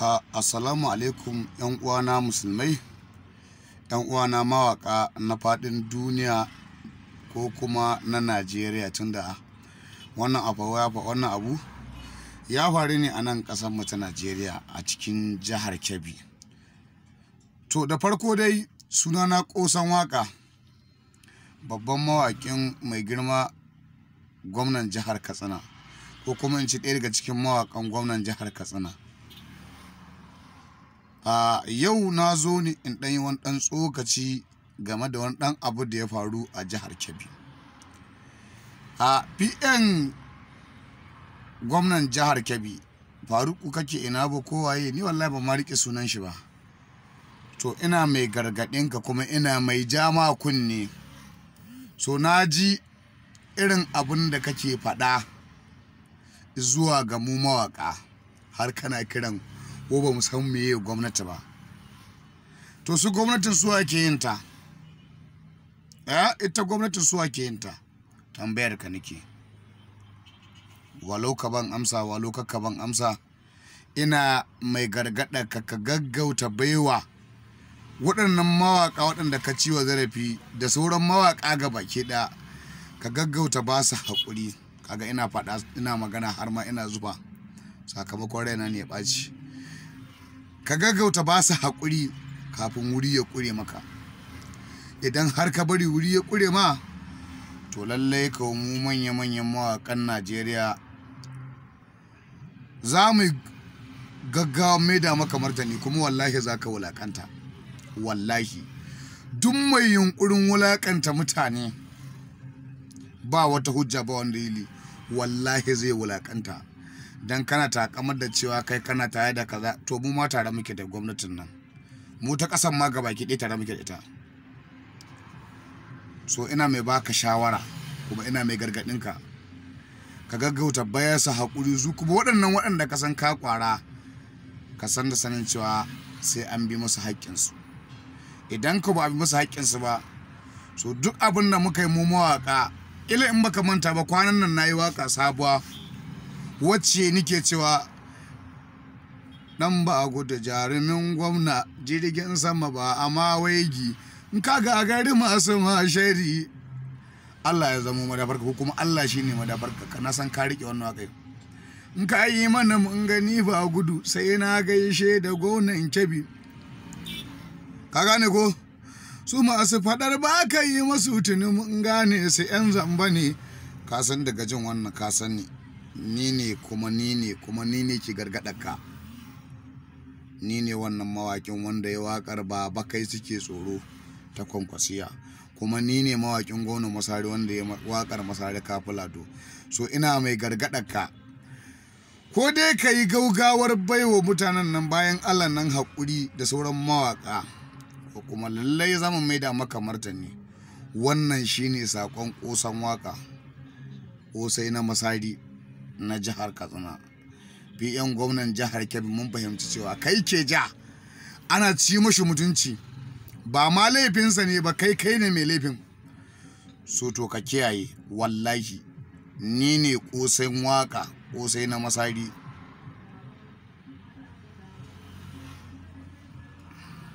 Uh, assalamu alaikum yan uwana musulmai yan uwana mawaka na fadin duniya ko kuma na najeriya tunda wannan abu ya wannan abu ya faru ne a nan kasar mu ta najeriya a cikin jihar kebbi to da farko dai suna na ƙosan waka babban mawakin mai girma gwamnan jihar katsina ko kuma in ci ɗaya daga cikin mawakan gwamnan jihar katsina a yau na zo ne in ɗan yi wani ɗan tsokaci game da wani ɗan abu da ya faru a jihar kebbi a pn gwamnan jihar kebbi faruku kake ina ba kowaye ni wallahi ba ma riƙe sunan shi ba to ina mai ka kuma ina mai jama kunne so na ji irin abin da kake faɗa zuwa ga mu mawaƙa har kana kiran ko ba mu san meye gwamnati ba to su gwamnatin su ke yin ta eh ita gwamnatin su ke yin ta tambayar ka nake walau ka ban amsa walau ka ka ban amsa ina mai gargada ka ka gaggauta baiwa waɗannan mawaƙa waɗanda ka ciwa zarafi da sauran mawaƙa ga baki ɗaya ka gaggauta ba su haƙuri kaga ina faɗa ina magana har ma ina zuba sakamakon raina ne ya ɓaci ka gaggauta ba su haƙuri kafin wuri ya ƙure maka idan har ka bari wuri ya ƙure ma to lallai ka mu manya-manyan mawaƙan najeriya za mu gaggawa mai kamar ta ne kuma wallahi za ka wulaƙanta wallahi duk mai yunƙurin wulaƙanta mutane ba wata hujja ba wanda yi wallahi zai wulaƙanta dan kana takamar da cewa kai kana tare da kaza to mu ma tare muke da gwamnatin nan mu ta kasan ma gaba ɗaya tare muke da ita so ina mai baka shawara kuma ina mai gargadin ka ka gaggauta bayar su hakuri su kuma waɗannan waɗanda ka san ka ƙwara ka san da sanin cewa sai an bi musu haƙƙinsu idan ka ba a bi musu haƙƙinsu ba so duk abin da muka yi mu mawaƙa ila in baka manta ba kwanan nan na yi waƙa sabuwa wacce nike cewa nan ba a gudu jarumin gwamna jirgin sama ba amma waigi in ka ga gari masu mashari Allah ya zama madafarka ko kuma Allah shi ne madafarka ka na san ka rike wannan wakai in ka yi mana mun gani ba gudu sai na gaishe da gonan kebi ka gane ko su masu fadar ba ka yi masu tuni mun gane su yan zamba ne ka san daga jin wannan ka san ne nini kuma ni ne kuma nini ne ki gargaɗarka ni ne wannan mawakin wanda ya wakar ba bakai suke tsoro ta kwankwasiya kuma ni ne mawakin gwamnan masari wanda ya wakar masari kafulado so ina mai ka. ko dai ka yi gaugawar baiwa mutanen nan bayan allah nan haƙuri da sauran mawaka ko kuma lallai zama mai da maka martani wannan shine saƙon ƙosan waka ƙosai na masari na jihar katsina pm gwamnan jihar kebbi mun fahimci cewa kai ke ja ana ci mashi mutunci ba ma laifinsa ne ba kai kai ne mai laifin so to ka kiyaye wallahi ni ne kosai waka kosai na masari